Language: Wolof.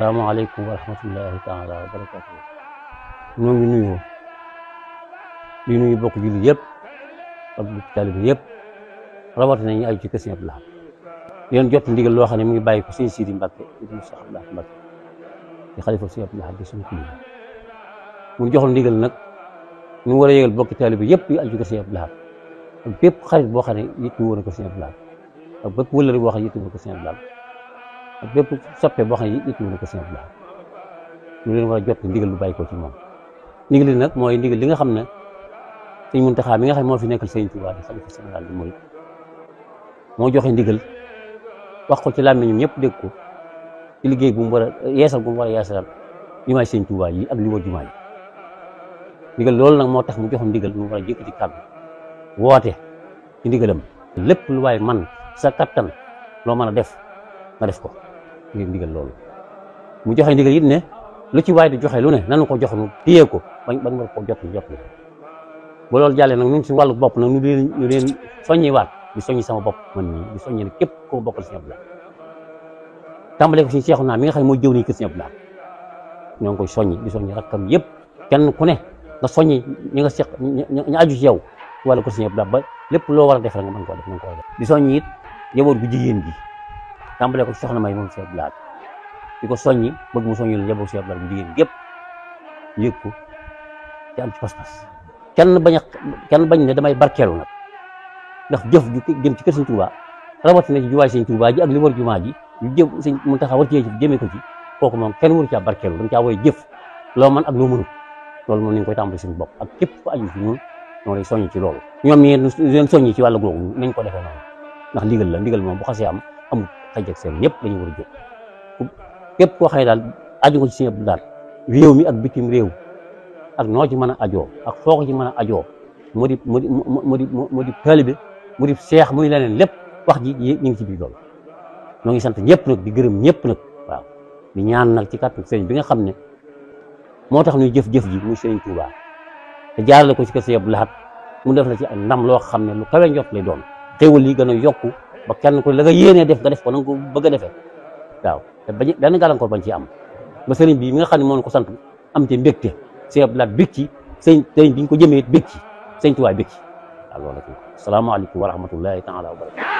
السلام عليكم ورحمة الله تعالى وبركاته نوي نيو لي نوي بوك جيل ييب رب التالب ييب رابط ناي اي جي كسي الله يون جوت ديغال لو خاني مي بايكو سي سيدي مباكي ابن صاحب الله مباكي دي خليفه سي عبد الله بسم الله مون جوخل ديغال نك ني ورا ييغال بوك طالب ييب اي جي كسي الله بيب خريط بو خاني يتي وونا كسي الله بوك ولر بو خاني يتي وونا كسي الله ak bépp soppe boo ko sëñ Abdoulaye ñu leen war jot ndigal lu bàyyi ko ci moom ndigal li nag mooy ndigal li nga xam ne sëñ Muntaxa mi nga xam ne moo fi nekkal sëñ Tuubaa di xalifa général bi mooy moo joxe ndigal wax ko ci làmmiñ ñëpp dégg ko liggéey bu mu war a yeesal bu mu war a yeesalal jumaay sëñ Tuubaa ak li war jumaa loolu nag moo tax mu joxe ndigal mu war a jékki ci kàddu woote ci ndigalam lépp lu waay man sa kattan loo mën a def nga def ko ngir ndigal loolu mu joxe ndigal it ne lu ci waay di joxe lu ne nanu ko jox nu téye ko bañ bañ war koo jot jot ni ba loolu jàllee nag ñun si wàllu bopp nag ñu leen ñu leen soññi waat di soññi sama bopp man nii di soññi ne képp koo bokkal Sëñ Abdou Lahad tàmbalee ko suñu seexu naa mi nga xam moo mooy jëw nii kër Sëñ Abdou Lahad ñoo ngi koy soññi di soññi rakkam yëpp kenn ku ne nga soññi ñi nga seq ñu aju ci yow wala ko Sëñ Abdou Lahad ba lépp loo war a def rek nga di jigéen gi tàmbale ko soxna may moom Cheikh Blaat di ko soññi bëgg mu soññi la njaboot Cheikh Blaat bu gépp yëg ko ci am ci kenn bañ kenn bañ ne damay barkeelu nag ndax jëf ju jëm ci kër Sëñ Tuubaa rawatina ci juwaay Sëñ Tuubaa ji ak li war jumaa ji lu jëm Sëñ Muntaxa war cee ko ci kooku moom kenn waru caa barkeelu dañ caa woy jëf loo mën ak loo mënul loolu moom ni nga koy tàmbali suñu bopp ak képp ku aju ci ñun ñoo lay soññ ci loolu ñoom ñeen soññi ci wàllu googu nañ ko defee na ndax ndigal la ndigal moom bu xasee am amul xaj ak seen ñëpp dañu war képp koo xam daal aju ko ci daal réew mi ak bitim réew ak noo ci mën a ajoo ak foo ko ci mën a ajoo mu di mu di mu di mu di taalibe mu di seex muy leneen lépp wax ji ñu ngi ci biir loolu ñoo ngi sant ñëpp nag di gërëm ñëpp nag waaw di ñaan nag ci kàttan sëriñ bi nga xam ne moo tax ñuy jëf-jëf ji muy sëriñ Tuubaa te jaarale ko ci kër sëñ Abdou mu def la ci ak ndam loo xam ne lu kawe njot doon xéwal yi gën yokku ba kenn ku la nga yéenee def nga def ko na nga ko bëgg a defee waaw te bañ benn bañ ci am ba sëriñ bi mi nga xam ne moo ko sant am te mbégte sëñ Abdou Lahad bég ci sëñ sëriñ bi ñu ko jëmee bég ci sëñ Tuubaa bég ci waaw loolu la salaamaaleykum wa rahmatullahi taala wa